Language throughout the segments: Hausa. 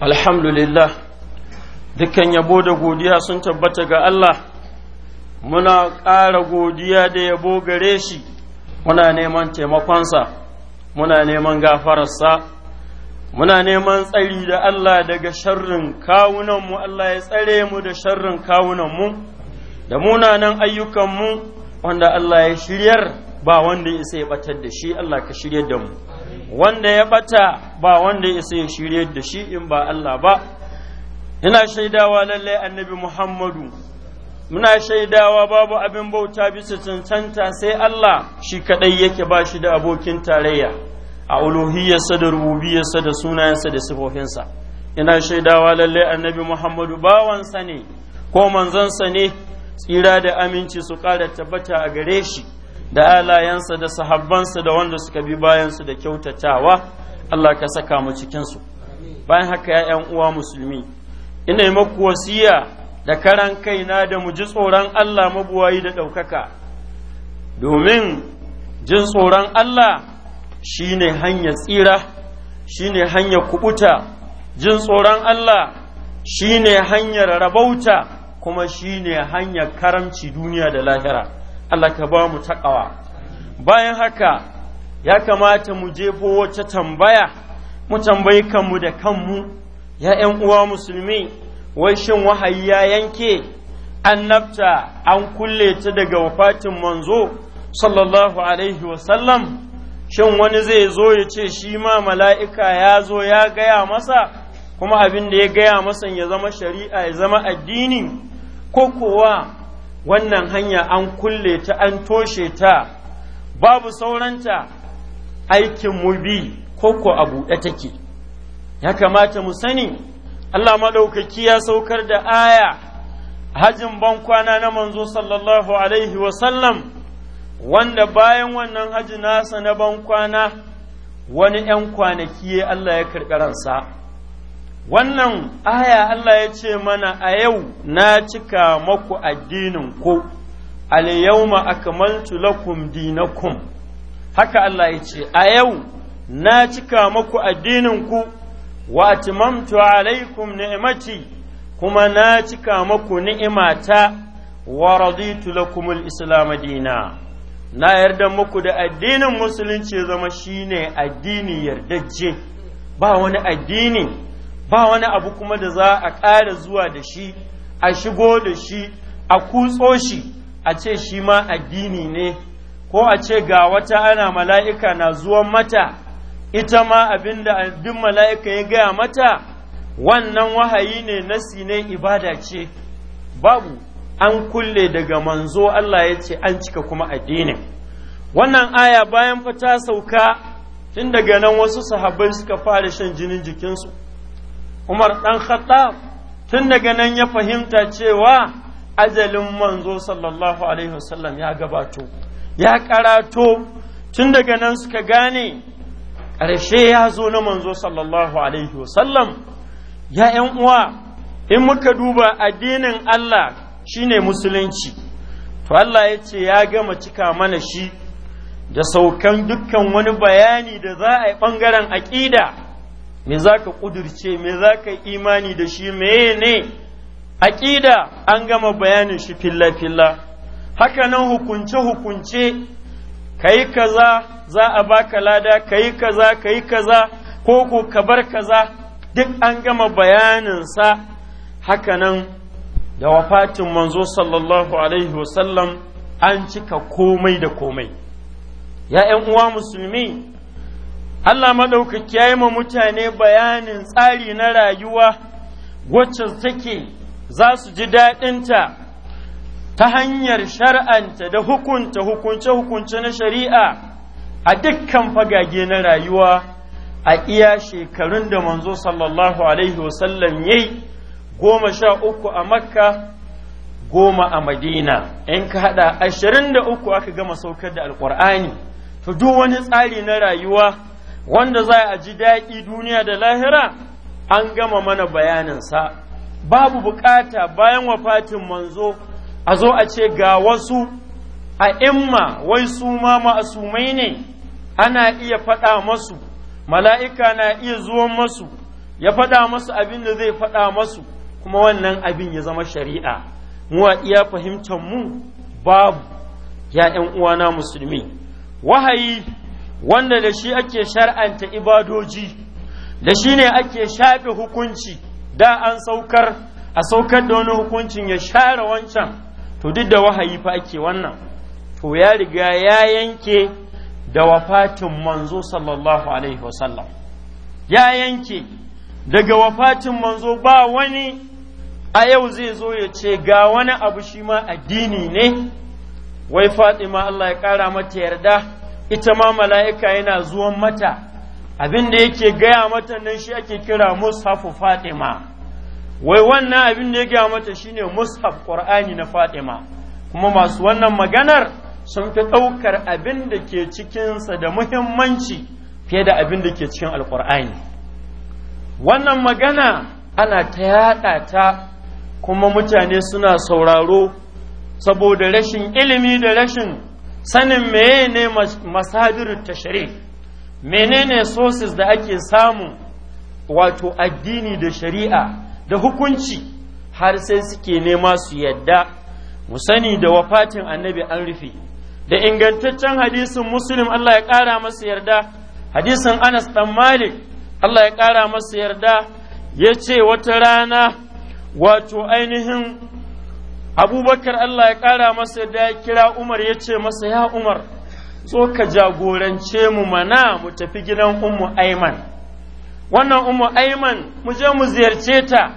alhamdulillah dukkan yabo da godiya sun tabbata ga Allah muna ƙara godiya da yabo gare shi muna neman taimakonsa muna neman gafararsa muna neman tsari da Allah daga sharrin kawunanmu Allah ya tsare mu da sharrin kawunanmu da munanan ayyukanmu wanda Allah ya shiryar ba wanda ya isa ya batar da shi Allah ka shiryar da mu wanda ya bata ba wanda ya sai shirye da shi in ba Allah ba ina shaidawa lallai annabi Muhammadu muna shaidawa babu abin bauta bisa cancanta sai Allah shi kadai yake ba shi da abokin tarayya a uluhiyarsa da rububiyarsa da sunayensa da sifofinsa ina shaidawa lallai annabi Muhammadu bawansa ne ko manzansa ne tsira da aminci su ƙara tabbata a gare shi da alayensa da sahabbansa da wanda suka bi bayansu da kyautatawa Allah ka saka mu cikinsu bayan haka ‘ya'yan uwa musulmi ina yi maku wasiya da karan kaina da mu ji tsoron Allah mabuwayi da ɗaukaka domin jin tsoron Allah shi ne hanyar tsira shi ne hanyar kubuta jin tsoron Allah shi ne hanyar rabauta kuma shi ne hanyar karamci duniya da lahira. Allah ka ba mu taƙawa bayan haka ya kamata mu jefo wacce tambaya mu tambayi kanmu da kanmu ya ‘yan uwa musulmi wai shin wahayi ya yanke an nafta an kulle ta daga wafatin manzo sallallahu alaihi wasallam shin wani zai zo ya ce shi ma mala'ika ya zo ya gaya masa kuma abin da ya gaya masa ya zama shari'a ya zama addini ko kowa wannan hanya an kulle ta an toshe ta babu sauranta aikin mu bi koko a buɗe take ya kamata mu sani Allah maɗaukaki ya saukar da aya hajin ban kwana na manzo sallallahu alaihi wasallam wanda bayan wannan haji nasa na ban kwana wani ‘yan kwanaki Allah ya karɓi ransa. wannan aya Allah ya ce mana a yau na cika maku addinin ku al-yawma akmaltu lakum dinakum haka Allah ya ce a yau na cika maku addinin ku wa atmamtu alaikum ni'mati kuma na cika maku ni'imata wa raditu lakum al-islam dina na yarda muku da addinin musulunci zama shine addini yardajje ba wani addini ba wani abu kuma da za a ƙara zuwa da shi a shigo da shi a kutso shi a ce shi ma addini ne ko a ce ga wata ana mala'ika na zuwan mata ita ma abin da abin mala'ika ya gaya mata wannan wahayi ne na ne ibada ce babu an kulle daga manzo Allah ya ce an cika kuma addinin wannan aya bayan fata sauka tun daga nan wasu sahabbai suka fara shan jinin jikinsu Umar ɗan Khattab tun daga nan ya fahimta cewa ajalin manzo sallallahu alaihi wasallam ya gabato ya karato tun daga nan suka gane ƙarshe ya zo na manzo sallallahu alaihi wasallam ya ‘yan uwa in muka duba addinin Allah shine musulunci to Allah ya ce ya gama cika mana shi da saukan dukkan wani bayani da za a yi ɓangaren aƙida me za ka ƙudurce me za ka imani da shi meye ne aƙida an gama bayanin shi filla-filla haka nan hukunce-hukunce ka yi kaza za a ka lada ka yi kaza ka yi kaza ko ko ka bar kaza duk an gama bayaninsa haka nan da wafatin manzo sallallahu alaihi wasallam an cika komai da komai ya uwa musulmi Allah maɗaukaki ya yi ma mutane bayanin tsari na rayuwa wacce take za su ji daɗinta ta hanyar shar'anta da hukunta hukunce-hukunce na shari'a a dukkan fagage na rayuwa a iya shekarun da manzo sallallahu Alaihi wasallam ya yi goma sha uku a makka goma a madina in ka haɗa ashirin da uku aka gama saukar da alƙur'ani to duk wani tsari na rayuwa wanda za a ji daƙi duniya da lahira an gama mana bayaninsa babu bukata bayan wafatin manzo a zo a ce ga wasu a imma wai su ma ma'asumai ne ana iya faɗa masu mala'ika na iya zuwan masu ya faɗa masu abin da zai faɗa masu kuma wannan abin ya zama shari'a mu a iya fahimtar mu babu ya uwana musulmi wahayi wanda da shi ake shar'anta ibadoji da shi ne ake shafe hukunci da an saukar a saukar da wani hukuncin ya share wancan to duk da wahayi fa ake wannan to ya riga ya yanke da wafatin manzo sallallahu alaihi wasallam ya yanke daga wafatin manzo ba wani a yau zai zo ya ce ga wani abu shi ma addini ne wai fatima Allah ya ƙara mata yarda ita ma mala'ika yana zuwan mata abin da yake gaya mata nan shi ake kira mushafu fatima wai wannan abin da ya gaya mata shine mushaf qur'ani na fatima kuma masu wannan maganar sun fi ɗaukar abin da ke cikinsa da muhimmanci fiye da abin da ke cikin alƙur'ani wannan magana ana ta yaɗa ta kuma mutane suna sauraro saboda rashin ilimi da rashin sanin menene masabiru tashri menene sources da ake samu wato addini da shari'a da hukunci har sai suke nema su yadda mu sani da wafatin annabi an rufe da ingantaccen hadisin muslim Allah ya ƙara masa yarda hadisin anas dan malik Allah ya ƙara masa yarda ya ce wata rana wato ainihin abubakar Allah ya ƙara masa da ya kira umar ya ce masa ya umar so ka jagorance mu mana mu tafi gidan ummu aiman wannan ummu aiman mu je mu ziyarce ta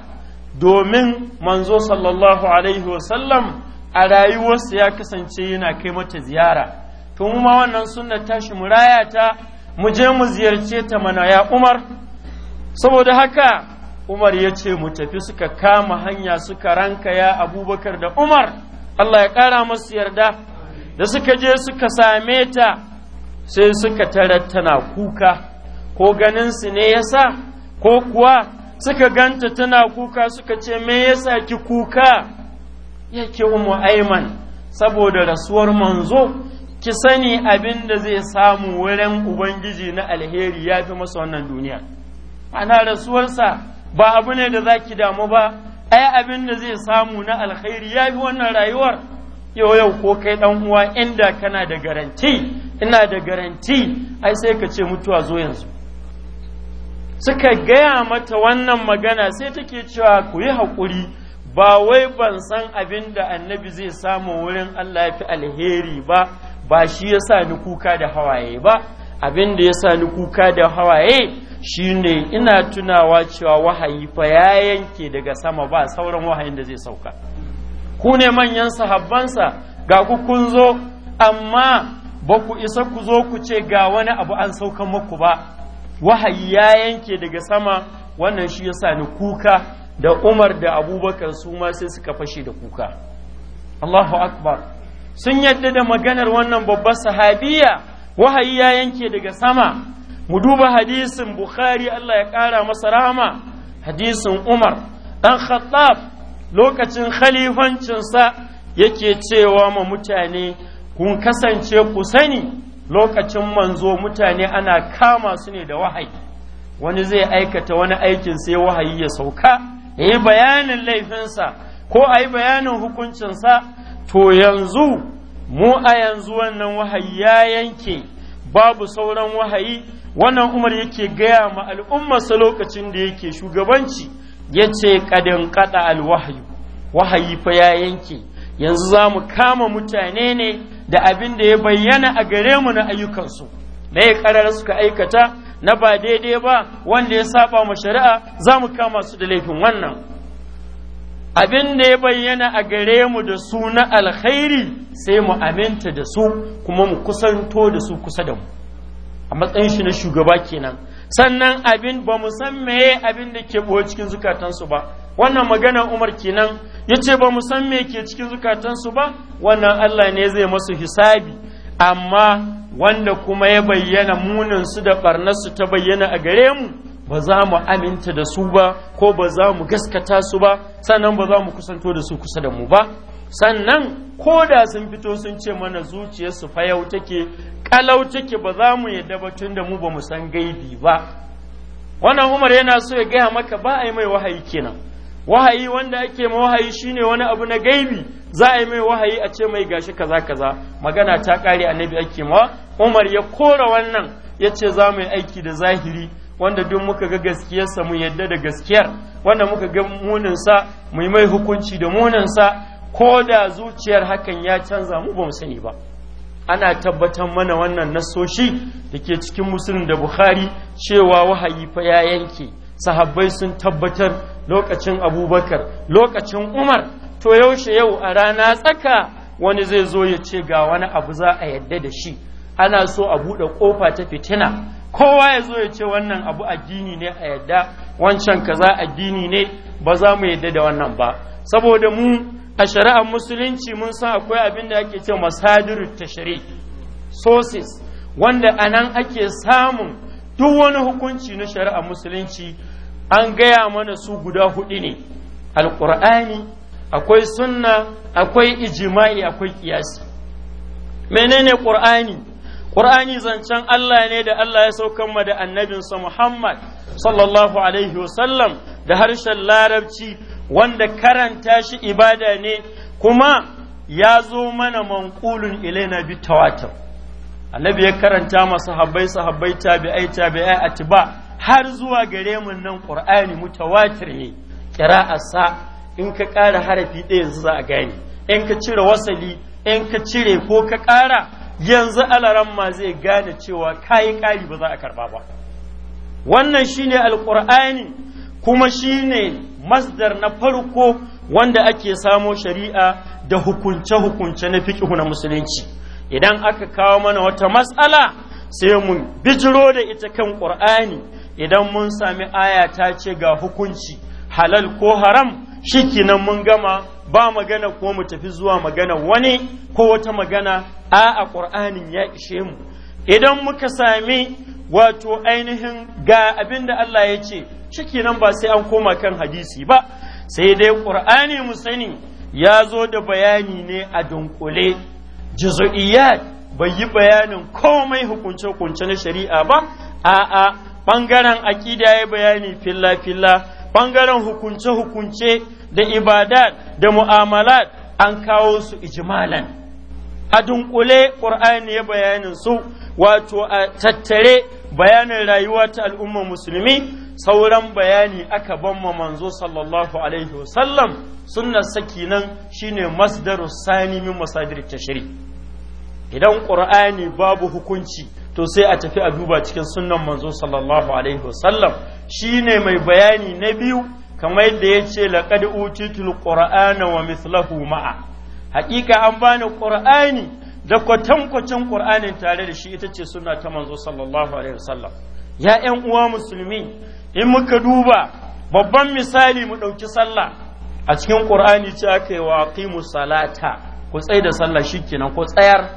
domin manzo sallallahu alaihi wasallam a rayuwarsa ya kasance yana kai mata ziyara to mu ma wannan sunna tashi murayata raya mu je mu ziyarce ta mana ya umar saboda haka umar ya ce mu tafi suka kama hanya suka ranka ya abubakar da umar allah ya ƙara masu yarda da suka je suka same ta sai suka tarar kuka ko ganinsu ne ya sa ko kuwa suka ganta tana kuka suka ce me yasa ki kuka yake umu aiman saboda rasuwar manzo ki sani abin da zai samu wurin ubangiji na alheri ya fi masa wannan duniya ana rasuwarsa ba abu ne da za ki damu ba ai abin da zai samu na alkhairi ya fi wannan rayuwar yau yau ko kai ɗan uwa inda kana da garanti ina da garanti ai sai ka ce mutuwa zo yanzu suka gaya mata wannan magana sai take cewa ku yi haƙuri ba wai ban san abin da annabi zai samu wurin Allah ya fi alheri ba ba shi ya sa ni kuka da hawaye ba abin da ya sa ni kuka da hawaye shine ina tunawa cewa wahayi fa ya yanke daga sama ba sauran wahayin da zai sauka ku ne manyan sahabbansa ga ku kun zo amma ba ku isa ku zo ku ce ga wani abu an saukan muku ba wahayi ya yanke daga sama wannan shi yasa ni kuka da Umar da Abubakar su ma sai suka fashe da kuka Allahu akbar sun yadda da maganar wannan babbar sahabiya wahayi ya yanke daga sama mu duba hadisin bukhari Allah ya kara masa rahama hadisin umar dan khattab lokacin khalifancinsa yake cewa ma mutane kun kasance ku sani lokacin manzo mutane ana kama su ne da wahayi wani zai aikata wani aikin sai wahayi ya sauka ya yi bayanin laifinsa ko a yi bayanin hukuncinsa to yanzu mu a yanzu wannan wahayi ya yanke babu sauran wahayi wannan umar yake gaya ma al'ummarsa lokacin da yake shugabanci ya ce kadin kada alwahayu wahayi fa ya yanke yanzu za mu kama mutane ne da abin da ya bayyana a gare mu na ayyukansu na ya karar suka aikata na ba daidai ba wanda ya saba ma shari'a za mu kama su da laifin wannan abin da ya bayyana a gare mu da su na alkhairi sai mu aminta da su kuma mu kusanto da su kusa da mu a matsayin shi na shugaba kenan sannan abin ba mu san meye abin da ke ɓoye cikin zukatansu ba wannan magana umar kenan ya ce ba mu san me ke cikin zukatansu ba wannan allah ne zai masu hisabi amma wanda kuma ya bayyana munin su da ɓarnarsu ta bayyana a gare mu ba za mu aminta da su ba ko ba za mu gaskata su ba sannan ba za mu kusanto da su kusa da mu ba sannan ko da sun fito sun ce mana zuciyarsu fayau take kalau take ba za mu yadda ba tun da mu ba mu san gaibi ba wannan umar yana so ya gaya maka ba a yi mai wahayi kenan wahayi wanda ake ma wahayi shine wani abu na gaibi za a yi mai wahayi a ce mai gashi kaza kaza magana ta kare annabi ake ma umar ya kora wannan ya ce za mu yi aiki da zahiri wanda duk muka ga gaskiyarsa mu yadda da gaskiyar wanda muka ga muninsa mu yi mai hukunci da muninsa ko da zuciyar hakan ya canza mu ba mu sani ba ana tabbatar mana wannan nasoshi da ke cikin musulun da bukhari cewa wahayi fa ya yanke sahabbai sun tabbatar lokacin abubakar lokacin umar to yaushe yau a rana tsaka wani zai zo ya ce ga wani abu za a yadda da shi ana so a buɗe ƙofa ta fitina kowa ya zo ya ce wannan abu addini ne a yadda wancan kaza addini ne ba za mu yadda da wannan ba saboda mu a shari'ar musulunci mun san akwai abin da ake ce masadiru tashri sources wanda anan ake samun duk wani hukunci na shari'ar musulunci an gaya mana su guda hudu ne alkur'ani akwai sunna akwai ijima'i akwai kiyasi menene qur'ani Ƙur'ani zancen Allah ne da Allah ya saukan ma da annabinsa Muhammad sallallahu alaihi wasallam da harshen larabci wanda karanta shi ibada ne kuma ya zo mana manƙulun ilaina bi tawatur annabi ya karanta ma sahabbai sahabbai tabi'ai tabi'ai atiba har zuwa gare mu nan Ƙur'ani mutawatir ne sa in ka ƙara harafi ɗaya yanzu za a gane in ka cire wasali in ka cire ko ka ƙara yanzu alaran ma zai gane cewa kayi ƙari ba za a karɓa ba wannan shine alƙur'ani kuma shine masdar na farko wanda ake samo shari'a da hukunce-hukunce na fiƙihu na musulunci idan aka kawo mana wata matsala sai mun bijiro da ita kan ƙur'ani idan mun sami aya ta ce ga hukunci halal ko haram kinan mun gama ba magana ko mu tafi zuwa magana wani ko wata magana a a ƙur'anin ya ishe mu idan muka sami wato ainihin ga abin da Allah ya ce shikenan ba sai an koma kan hadisi ba sai dai ƙur'ani mu sani ya zo da bayani ne a dunkule juzu'iyat bai yi bayanin komai hukunce-hukunce na shari'a ba a'a ɓangaren aƙida ya bayani filla-filla Bangaren hukunce-hukunce da ibadat da mu'amalat an kawo su ijmalan a dunkule ƙur'ani ya bayanin su wato a tattare bayanin rayuwa ta al'ummar musulmi sauran bayani aka banma manzo sallallahu alaihi wasallam saki nan shine masdaru sani min masadir tashri idan ƙur'ani babu hukunci to sai a tafi a duba cikin sunnan manzo sallallahu alaihi wasallam shine mai bayani na biyu kamar yadda ya ce laqad utitul qur'ana wa mithlahu ma'a haƙiƙa an bani qur'ani da kwatankwacin qur'ani tare da shi ita ce sunna ta manzo sallallahu alaihi wasallam ya ƴan uwa musulmi in muka duba babban misali mu ɗauki sallah a cikin qur'ani ce aka yi wa aqimus salata ku tsaya da sallah shikenan ko tsayar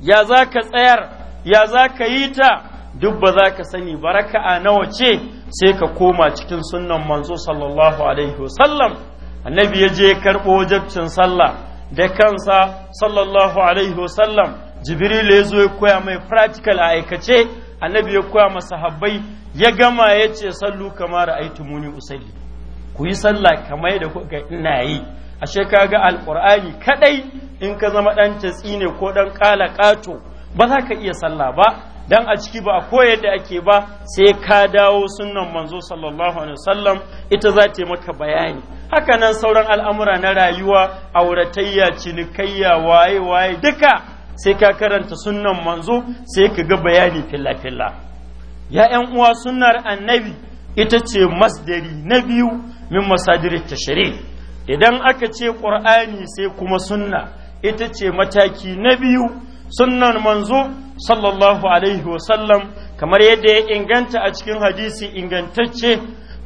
ya zaka tsayar ya za ka yi ta duk ba za ka sani baraka a nawa ce sai ka koma cikin sunnan manzo sallallahu alaihi wasallam annabi ya je karɓo wajabcin sallah da kansa sallallahu alaihi wasallam jibril ya zo ya koya mai practical a aikace annabi ya koya masa habbai ya gama ya ce sallu kamar aitumuni usalli ku yi sallah kamar da kuka ina yi ashe kaga alqur'ani kadai in ka zama dan tatsi ne ko dan kala kato ba za ka iya sallah ba dan a ciki ba a koyar da ake ba sai ka dawo sunnan manzo sallallahu alaihi wasallam ita za ta maka bayani haka nan sauran al'amura na rayuwa auratayya cinikayya waye waye duka sai ka karanta sunnan manzo sai ka ga bayani filla filla ya uwa sunnar annabi ita ce masdari na biyu min masadir tashri idan aka ce qur'ani sai kuma sunna ita ce mataki na biyu sunnan manzo sallallahu alaihi wasallam kamar yadda ya inganta a cikin hadisi ingantacce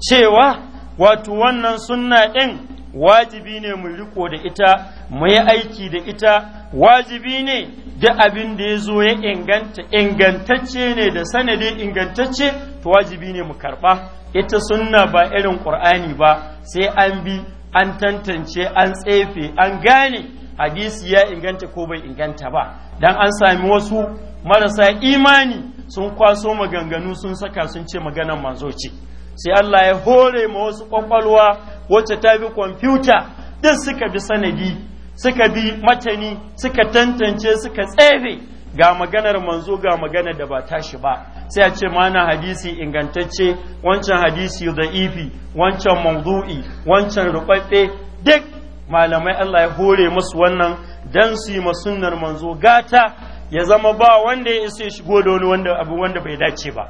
cewa wato wannan sunna ɗin wajibi ne mu riko da ita mu yi aiki da ita wajibi ne da abin da ya zo ya inganta ingantacce ne da sanadin ingantacce to wajibi ne mu karɓa ita sunna ba irin ƙur'ani ba sai an bi an tantance an tsefe an gane hadisi ya inganta ko bai inganta ba dan an sami wasu marasa imani sun kwaso maganganu sun saka sun ce maganan manzo ce sai Allah ya hore ma wasu kwakwalwa wacce ta bi kwamfuta din suka bi sanadi suka bi matani suka tantance suka tsere ga maganar manzo ga maganar da ba tashi ba sai a ce mana hadisi ingantacce wancan hadisi da ifi wancan mawdu'i wancan rubabbe duk malamai Allah ya hore masu wannan dan su yi sunnar manzo gata ya zama ba wanda ya isa shigo da wani wanda abu wanda bai dace ba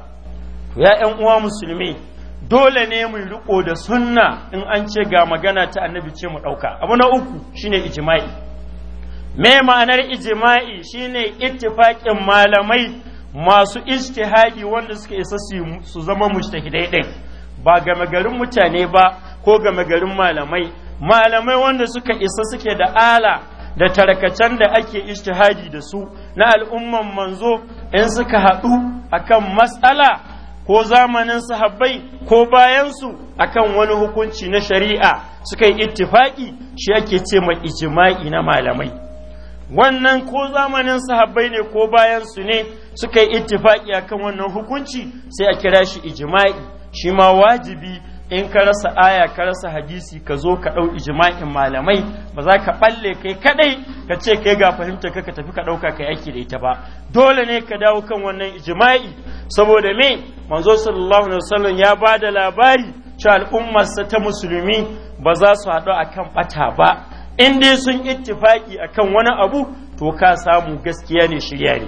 to ya ƴan uwa musulmi dole ne mu riko da sunna in an ce ga magana ta annabi ce mu ɗauka abu na uku shine ijma'i me ma'anar ijma'i shine ittifaqin malamai masu ijtihadi wanda suka isa su zama mujtahidai din ba game garin mutane ba ko game garin malamai malamai wanda suka isa suke da ala da tarkacen da ake ishtihadi da su na al'umman manzo in suka haɗu akan matsala ko zamanin sahabbai ko bayansu akan wani hukunci na shari'a suka yi ittifaki shi ake ce mai ijima'i na malamai wannan ko zamanin sahabbai ne ko bayansu ne suka yi ittifaki akan wannan hukunci sai a kira shi ijima'i shi ma wajibi in ka rasa aya ka rasa hadisi ka zo ka ɗau ijma'in malamai ba za ka ɓalle kai kaɗai ka ce kai ga fahimta ka tafi ka ɗauka yi aiki da ita ba dole ne ka dawo kan wannan ijma'i saboda me manzo sallallahu alaihi wasallam ya ba da labari cewa al'ummarsa ta musulmi ba za su haɗu akan ɓata ba in dai sun ittifaƙi akan wani abu to ka samu gaskiya ne shirya ne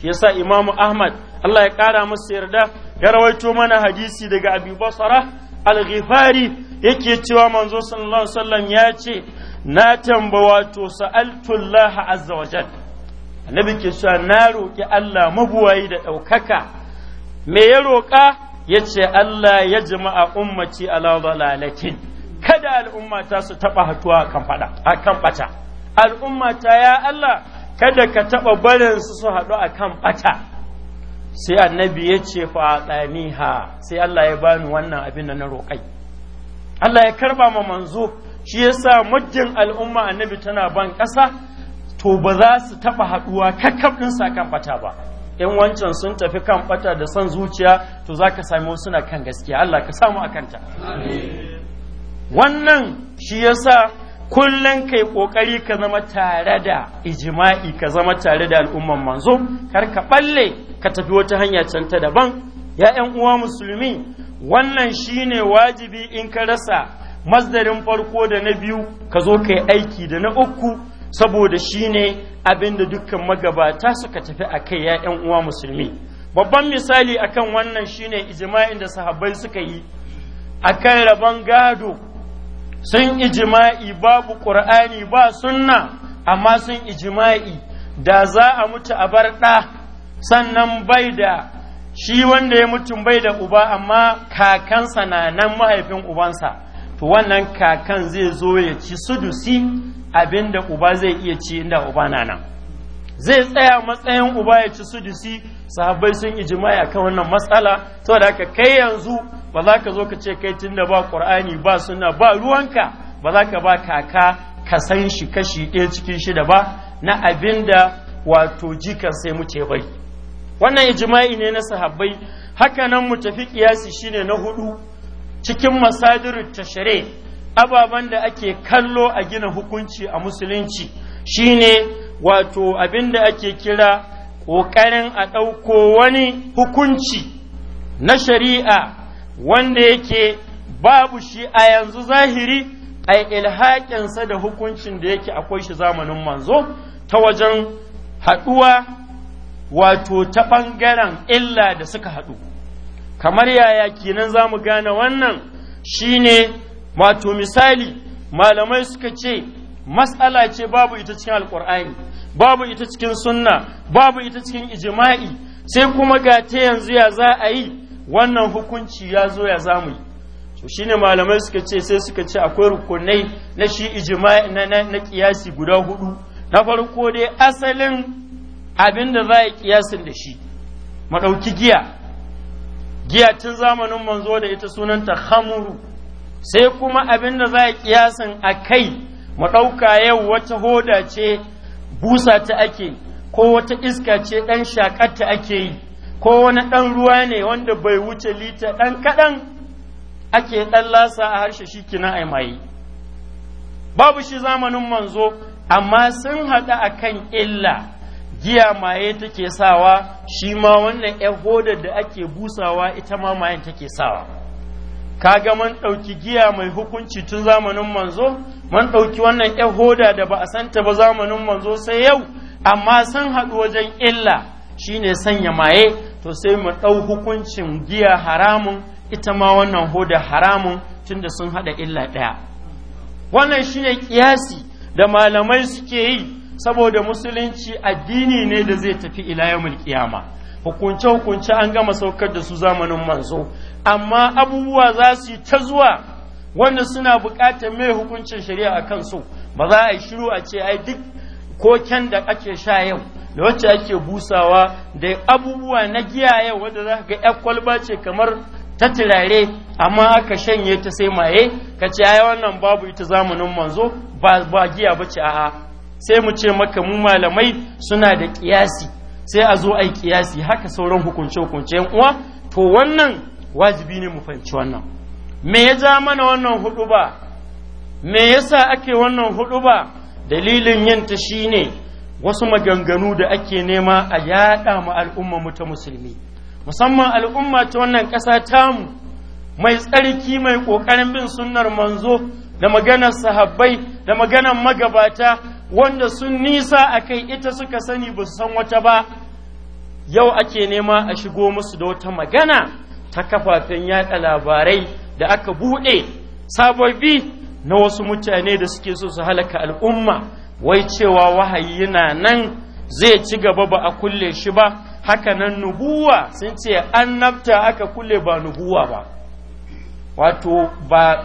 shi yasa imamu ahmad Allah ya ƙara masa yarda ya rawaito mana hadisi daga abu basara al-ghifari yake cewa manzo sallallahu alaihi wasallam ya ce na tamba wato sa'altullah azza wajal annabi ke cewa na roki Allah mabuwayi da ɗaukaka me ya roƙa yace Allah ya jama'a ummaci ala dalalatin kada al'ummata su taɓa hatuwa kan fada akan bata al'ummata ya Allah kada ka taɓa barin su su haɗu akan bata sai annabi ya ce ha sai Allah ya bani wannan abin da na roƙai Allah ya karba ma manzo shi yasa mujjin al'umma annabi tana ban ƙasa to ba za su taɓa haɗuwa kakkaf ɗinsa kan fata ba in wancan sun tafi kan ɓata da son zuciya to za ka sami suna kan gaskiya Allah ka samu a kanta wannan shi yasa kullum kai kokari ka zama tare da ijima'i ka zama tare da al'umman manzo kar ka ɓalle ka tafi wata hanya can ta daban ya uwa musulmi wannan shine wajibi in ka rasa masdarin farko da na biyu ka zo kai aiki da na uku saboda shine abin da dukkan magabata suka tafi a kai ya uwa musulmi babban misali akan wannan shine ijima'in da sahabbai suka yi akan rabon gado sun ijima'i babu ƙur'ani ba sunna amma sun ijima'i da za a mutu a bar ɗa sannan bai da shi wanda ya mutu bai da uba amma kakansa na nan mahaifin ubansa to wannan kakan zai zo ya ci sudusi abinda uba zai iya ci inda uba na nan zai tsaya matsayin uba ya ci sudusi sahabbai sun ijima'i akan wannan matsala saboda haka kai yanzu ba za ka zo ka ce kai da ba ƙur'ani ba suna ba ruwanka ba za ka ba kaka ka san shi kashi ɗaya cikin shida ba na abin da wato jikan sai mu bai wannan ijma'i ne na sahabbai haka nan mu tafi kiyasi shine na hudu cikin masadirut tashri ababan da ake kallo a gina hukunci a musulunci shine wato abin da ake kira ƙoƙarin a ɗauko wani hukunci na shari'a wanda yake babu shi a yanzu zahiri a ilhaƙinsa da hukuncin da yake akwai shi zamanin manzo ta wajen haɗuwa wato ta ɓangaren illa da suka haɗu kamar yaya kinan za mu gane wannan shine wato misali malamai suka ce matsala ce babu ita cikin alƙur'ani babu ita cikin sunna babu ita cikin ijima'i sai kuma ga ta yanzu ya za a yi wannan hukunci ya zo ya zamu yi to shine malamai suka ce sai suka ce akwai rukunai na shi ijima na na kiyasi guda hudu na farko dai asalin abin da za a yi kiyasin da shi Maɗauki giya giya tun zamanin manzo da ita sunanta hamuru sai kuma abin da za a kiyasin a kai maɗauka yau wata hoda ce busa ta ake ko wata iska ce ɗan shakar ta ake yi ko wani ɗan ruwa ne wanda bai wuce lita ɗan kaɗan ake ɗan lasa a harshe shi kina a maye babu shi zamanin manzo amma sun haɗa a kan illa giya maye take sawa shi ma wannan ‘yan hodar da ake busawa ita ma mayen take sawa kaga man ɗauki giya mai hukunci tun zamanin manzo man ɗauki wannan ‘yan hoda da ba a santa ba zamanin manzo sai yau amma sun haɗu wajen illa shine sanya maye to sai mu ɗau hukuncin giya haramun ita ma wannan hoda haramun tunda sun haɗa illa ɗaya wannan shine kiyasi da malamai suke yi saboda musulunci addini ne da zai tafi ila yawmul kiyama hukunce hukunce an gama saukar da su zamanin manzo amma abubuwa za su yi ta zuwa wanda suna buƙatar mai hukuncin shari'a a kansu ba za a yi shiru a ce ai duk ko da ake sha yau da wacce ake busawa da abubuwa na giya yau wadda za ga yar kwalba ce kamar ta turare amma aka shanye ta sai maye ka ce ai wannan babu ita zamanin manzo ba ba giya a'a sai mu ce maka mu malamai suna da kiyasi sai a zo ai kiyasi haka sauran hukunce hukunce uwa to wannan wajibi ne mu fahimci wannan me ya ja mana wannan hudu ba me yasa ake wannan hudu ba dalilin shi ne wasu maganganu da ake nema a yada ma al'umma mu ta musulmi musamman al'umma ta wannan ƙasa tamu mai tsarki mai ƙoƙarin bin sunnar manzo da maganar sahabbai da maganar magabata wanda sun nisa a kai ita suka sani ba su san wata ba yau ake nema a shigo musu da wata magana ta kafafen yaɗa labarai da aka buɗe sababbi na wasu mutane da suke so su halaka al'umma wai cewa wahayi yana nan zai ci gaba ba a kulle shi ba haka nan nubuwa sun ce an annabta aka kulle ba nubuwa ba wato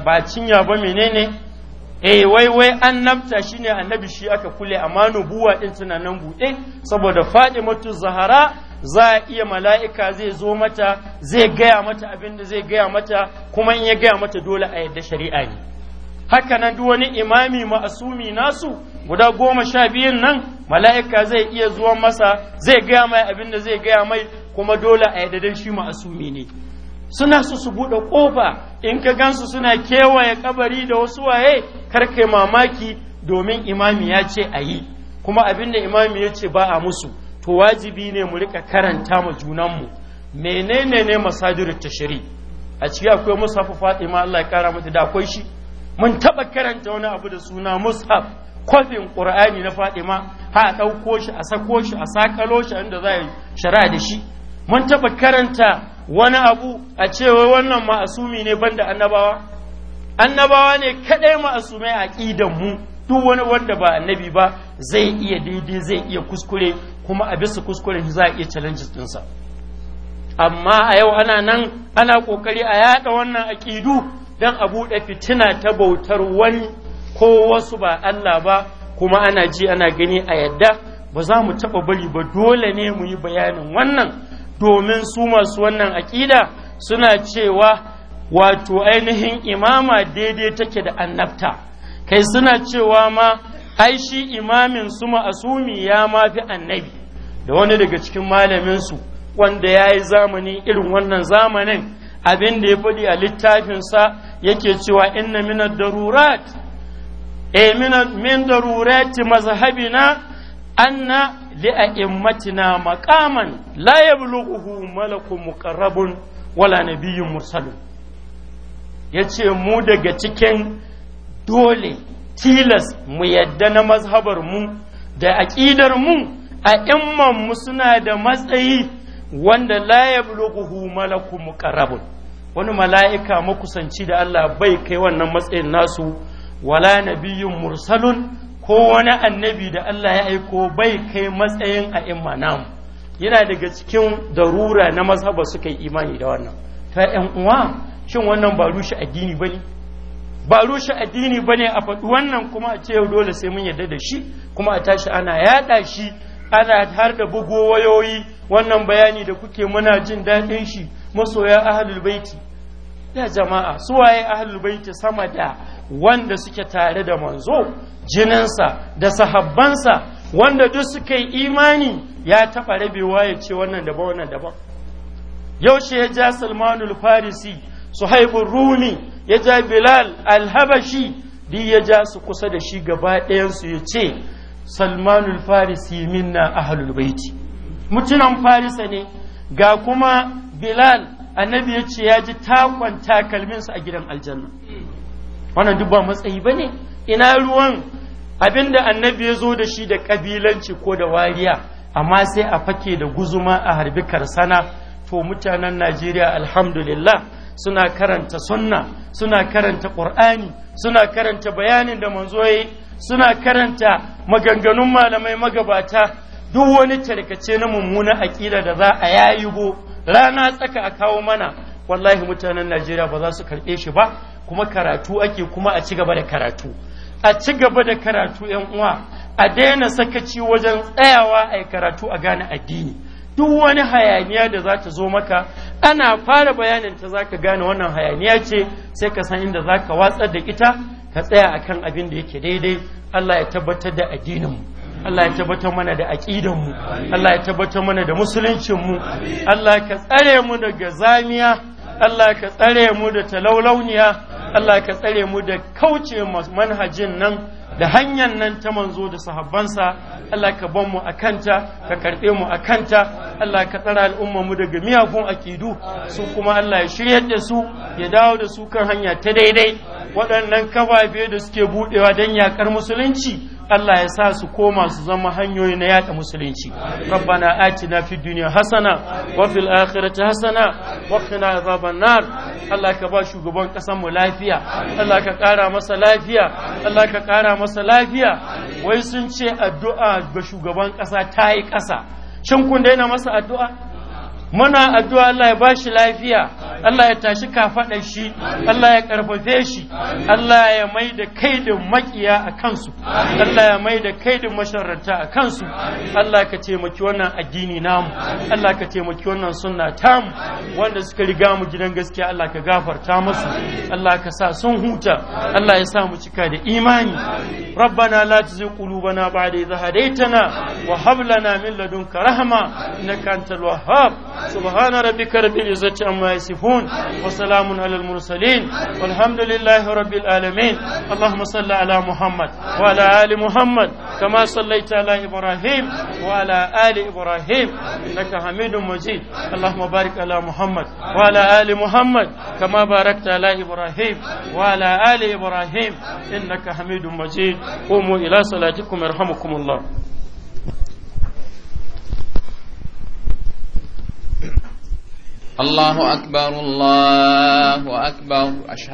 ba cinya ba menene eh wai wai an annabta shine annabi shi aka kulle amma nubuwa din tana nan buɗe saboda Fatimatu Zahara za a iya mala'ika zai zo mata zai gaya mata abin da zai gaya mata kuma in ya gaya mata dole a yadda shari'a ne haka nan duk wani imami ma'asumi nasu guda goma sha biyun nan mala'ika zai iya zuwa masa zai gaya mai abin da zai gaya mai kuma dole a yadda shi ma'asumi ne suna su su buɗe ƙofa in ka gansu suna kewaye kabari da wasu waye kar kai mamaki domin imami ya ce a yi kuma abin da imami ya ce ba a musu to wajibi ne mu rika karanta ma junanmu menene ne masajirin tashiri a ciki akwai musafu fatima Allah ya kara mata da akwai shi mun taɓa karanta wani abu da suna mushaf kwafin ƙur'ani na fatima ha a ɗauko shi a sako shi a sakalo shi inda za a shari'a da shi mun taba karanta wani abu a cewa wannan ma'asumi ne banda annabawa annabawa ne kaɗai ma'asumai a ƙidan mu duk wani wanda ba annabi ba zai iya daidai zai iya kuskure kuma a bisa kuskuren za a iya challenges sa. amma a yau ana nan ana ƙoƙari a yada wannan aƙidu don a buɗe fitina ta bautar wani ko wasu ba Allah ba kuma ana ji ana gani a yadda ba za mu taɓa bari ba dole ne mu yi bayanin wannan domin su masu wannan aƙida suna cewa wato ainihin imama daidai take da annabta kai suna cewa ma ai shi imamin su ma'asumi ya mafi annabi da wani daga cikin malaminsu wanda ya yi zamani irin wannan zamanin abin da ya faɗi a littafinsa yake cewa inna min ad-darurat e min darurat mazhabina anna li a'immatina maqaman la yablughuhu malaku muqarrabun wala nabiyyun mursalun yace mu daga cikin dole tilas mu yadda na mazhabar mu da aƙidar mu a mu suna da matsayi wanda la yablughuhu malaku muqarrabun wani mala'ika makusanci da Allah bai kai wannan matsayin nasu wala biyun mursalun ko wani annabi da Allah ya aiko bai kai matsayin a imma namu yana daga cikin darura na mazhaba suka yi imani da wannan ta ‘yan uwa shin wannan ba rushe addini ba ne ba rushe addini ba ne a faɗi wannan kuma a ce yau dole sai mun yarda da shi kuma a tashi ana yaɗa shi ana har da bugo wayoyi wannan bayani da kuke muna jin daɗin shi masoya ahalul baiti ya jama'a su waye ahlul baiti sama da wanda suke tare da manzo jininsa da sahabbansa wanda duk suka yi imani ya taɓa rabewa ya ce wannan daban wannan daban yaushe ya ja salmanul farisi suhaibun rumi ya ja bilal alhabashi di ya ja su kusa da shi gaba ɗayansu ya ce salmanul farisi minna ahlul baiti mutunan farisa ne ga kuma bilal annabi ya ce ya ji takon takalminsa a gidan aljanna wannan duk ba matsayi ba ne ina ruwan abinda annabi ya zo da shi da ƙabilanci ko da wariya amma sai a fake da guzuma a harbi karsana to mutanen najeriya alhamdulillah suna karanta sunna suna karanta ƙur'ani suna karanta bayanin da manzo yi suna karanta maganganun malamai magabata duk wani tarkace na mummuna aƙida da za a go rana tsaka a kawo mana wallahi mutanen najeriya ba za su karɓe shi ba kuma karatu ake kuma a ci gaba da karatu a ci gaba da karatu yan uwa a daina sakaci wajen tsayawa a karatu a gane addini duk wani hayaniya da za ta zo maka ana fara bayanin ta za ka gane wannan hayaniya ce sai ka san inda za ka watsar da ita ka tsaya akan abin da yake daidai Allah ya tabbatar da addinin mu. Allah ya tabbatar mana da aƙidanmu. mu Allah ya tabbatar mana da musuluncinmu. mu Allah ka tsare mu daga zamiya Allah ka tsare mu da talaulauniya Allah ka tsare mu da kauce manhajin nan da hanyar nan ta manzo da sahabbansa Allah ka ban mu akanta ka karbe mu akanta Allah ka tsara al'umma mu daga miyagun aƙidu su kuma Allah ya shiryar da su ya dawo da su kan hanya ta daidai waɗannan kafafe da suke buɗewa don yakar musulunci Allah ya sa su koma su zama hanyoyi na yada musulunci rabbana atina fid duniya hasana wa fil akhirati hasana wa qina azaban nar Allah ka ba shugaban ƙasar mu lafiya Allah ka ƙara masa lafiya Allah ka ƙara masa lafiya wai sun ce addu'a ga shugaban ƙasa ta yi ƙasa. shin kun daina masa addu'a muna addu'a Allah ya ba shi lafiya Allah ya tashi kafaɗar shi Allah ya ƙarfafe shi Allah ya mai da kaidin makiya a kansu Allah ya mai da kaidin masharrata a kansu Allah ka taimaki wannan addini namu Allah ka taimaki wannan sunna tamu wanda suka riga mu gidan gaskiya Allah ka gafarta musu Allah ka sa sun huta Allah ya sa mu cika da imani rabbana la tuzigh qulubana ba'da idh hadaytana wa hab lana min ladunka rahma innaka antal wahhab subhana rabbika rabbil izzati amma yasifun wa salamun alal mursalin walhamdulillahi rabbil alamin ala salli ala muhammad wa ala ali muhammad kama sallaita ala ibrahim wa ala ali ibrahim innaka hamidum majid allahumma barik ala muhammad wa ala ali muhammad kama barakta ala ibrahim ala ali ibrahim innaka hamidum majid قوموا إلى صلاتكم يرحمكم الله الله أكبر الله أكبر أشهد